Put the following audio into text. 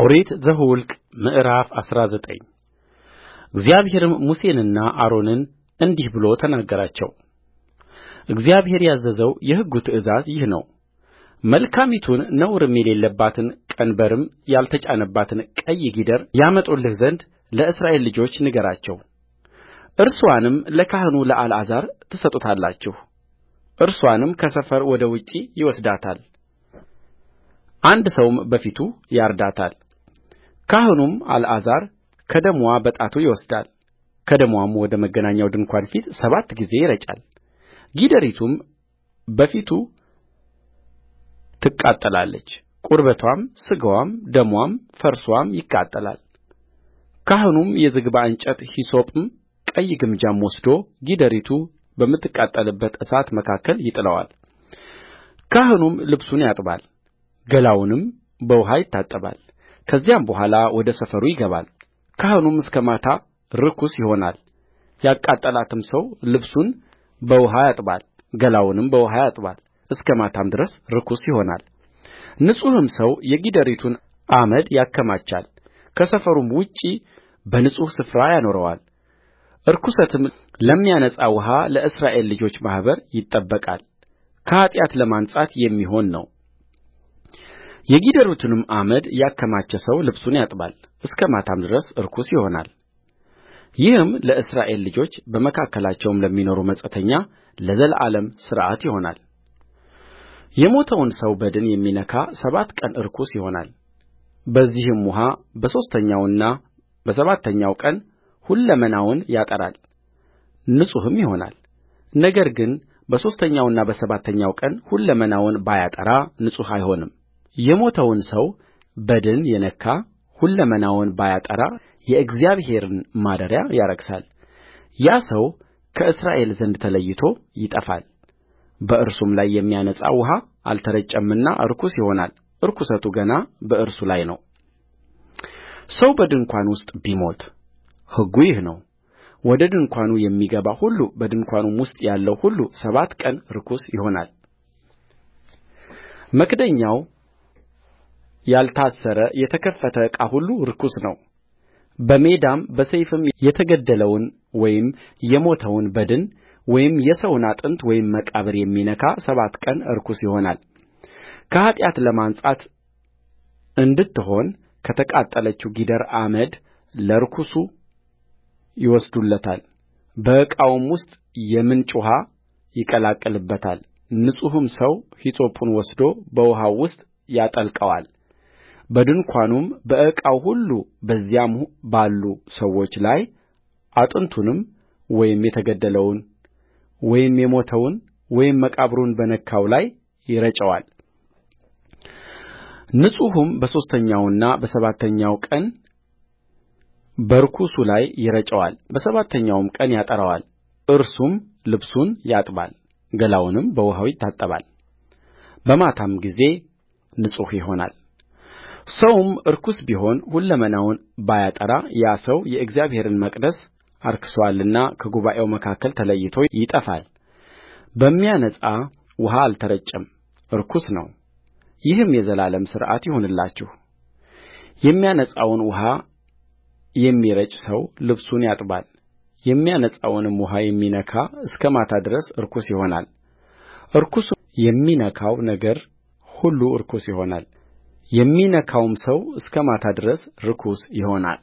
ኦሪት ዘኍልቍ ምዕራፍ አስራ ዘጠኝ እግዚአብሔርም ሙሴንና አሮንን እንዲህ ብሎ ተናገራቸው። እግዚአብሔር ያዘዘው የሕጉ ትእዛዝ ይህ ነው። መልካሚቱን ነውርም የሌለባትን ቀንበርም ያልተጫነባትን ቀይ ጊደር ያመጡልህ ዘንድ ለእስራኤል ልጆች ንገራቸው። እርሷንም ለካህኑ ለአልዓዛር ትሰጡታላችሁ። እርሷንም ከሰፈር ወደ ውጭ ይወስዳታል፣ አንድ ሰውም በፊቱ ያርዳታል። ካህኑም አልዓዛር ከደምዋ በጣቱ ይወስዳል ከደምዋም ወደ መገናኛው ድንኳን ፊት ሰባት ጊዜ ይረጫልጊደሪቱም በፊቱ ትቃጠላለች ቁርበቷም ሥጋዋም ደምዋም ፈርስዋም ይቃጠላልካህኑም የዝግባ እንጨት ሂሶጵም ቀይ ግምጃም ወስዶ ጊደሪቱ በምትቃጠልበት እሳት መካከል ይጥለዋል። ካህኑም ልብሱን ያጥባል ገላውንም በውኃ ይታጠባል ከዚያም በኋላ ወደ ሰፈሩ ይገባል ካህኑም እስከ ማታ ርኩስ ይሆናል ያቃጠላትም ሰው ልብሱን በውኃ ያጥባል ገላውንም በውኃ ያጥባል እስከ ማታም ድረስ ርኩስ ይሆናል ንጹሕም ሰው የጊደሪቱን አመድ ያከማቻል ከሰፈሩም ውጭ በንጹሕ ስፍራ ያኖረዋል ርኵሰትም ለሚያነጻ ውኃ ለእስራኤል ልጆች ማኅበር ይጠበቃል ከኃጢአት ለማንጻት የሚሆን ነው የጊደሪቱንም አመድ ያከማቸ ሰው ልብሱን ያጥባል እስከ ማታም ድረስ ርኩስ ይሆናልይህም ለእስራኤል ልጆች በመካከላቸውም ለሚኖሩ መጻተኛ ለዘላለም ሥርዓት ይሆናል የሞተውን ሰው በድን የሚነካ ሰባት ቀን ርኩስ ይሆናል በዚህም ውኃ በሦስተኛውና በሰባተኛው ቀን ሁለመናውን ያጠራል ንጹሕም ነገር ግን በሦስተኛውና በሰባተኛው ቀን ሁለመናውን ባያጠራ ንጹሕ አይሆንም የሞተውን ሰው በድን የነካ ሁለመናውን ባያጠራ የእግዚአብሔርን ማደሪያ ያረክሳል ያ ሰው ከእስራኤል ዘንድ ተለይቶ ይጠፋል በእርሱም ላይ የሚያነጻ ውኃ አልተረጨምና ርኩስ ይሆናል ርኵሰቱ ገና በእርሱ ላይ ነውሰው በድንኳን ውስጥ ቢሞት ሕጉ ይህ ነው ወደ ድንኳኑ የሚገባ ሁሉ በድንኳኑም ውስጥ ያለው ሁሉ ሰባት ቀን ርኩስ ይሆናል መክደኛው ያልታሰረ የተከፈተ ዕቃ ሁሉ ርኩስ ነውበሜዳም በሰይፍም የተገደለውን ወይም የሞተውን በድን ወይም የሰውን አጥንት ወይም መቃብር የሚነካ ሰባት ቀን ርኩስ ይሆናልከኃጢአት ለማንጻት እንድትሆን ከተቃጠለችው ጊደር አመድ ለርኩሱ ይወስዱለታል በዕቃውም ውስጥ የምንጭ ውኃ ይቀላቅልበታል ንጹሕም ሰው ሂሶጱን ወስዶ በውኃው ውስጥ ያጠልቀዋል በድንኳኑም በዕቃው ሁሉ በዚያም ባሉ ሰዎች ላይ አጥንቱንም ወይም የተገደለውን ወይም የሞተውን ወይም መቃብሩን በነካው ላይ ይረጨዋል ንጹሑም በሦስተኛውና በሰባተኛው ቀን በርኩሱ ላይ ይረጨዋል በሰባተኛውም ቀን ያጠራዋል እርሱም ልብሱን ያጥባል ገላውንም በውኃ ይታጠባል በማታም ጊዜ ንጹሕ ይሆናል ሰውም ርኩስ ቢሆን ሁለመናውን ባያጠራ ያ ሰው የእግዚአብሔርን መቅደስ አርክሶአልና ከጉባኤው መካከል ተለይቶ ይጠፋል። በሚያነጻ ውኃ አልተረጨም ርኩስ ይህም የዘላለም ሥርዓት ይሁንላችሁ የሚያነጻውን ውኃ የሚረጭ ሰው ልብሱን ያጥባል የሚያነጻውንም ውኃ የሚነካ እስከ ማታ ድረስ ርኩስ ይሆናል ርኩሱን የሚነካው ነገር ሁሉ ርኩስ ይሆናል የሚነካውም ሰው እስከ ማታ ድረስ ርኩስ ይሆናል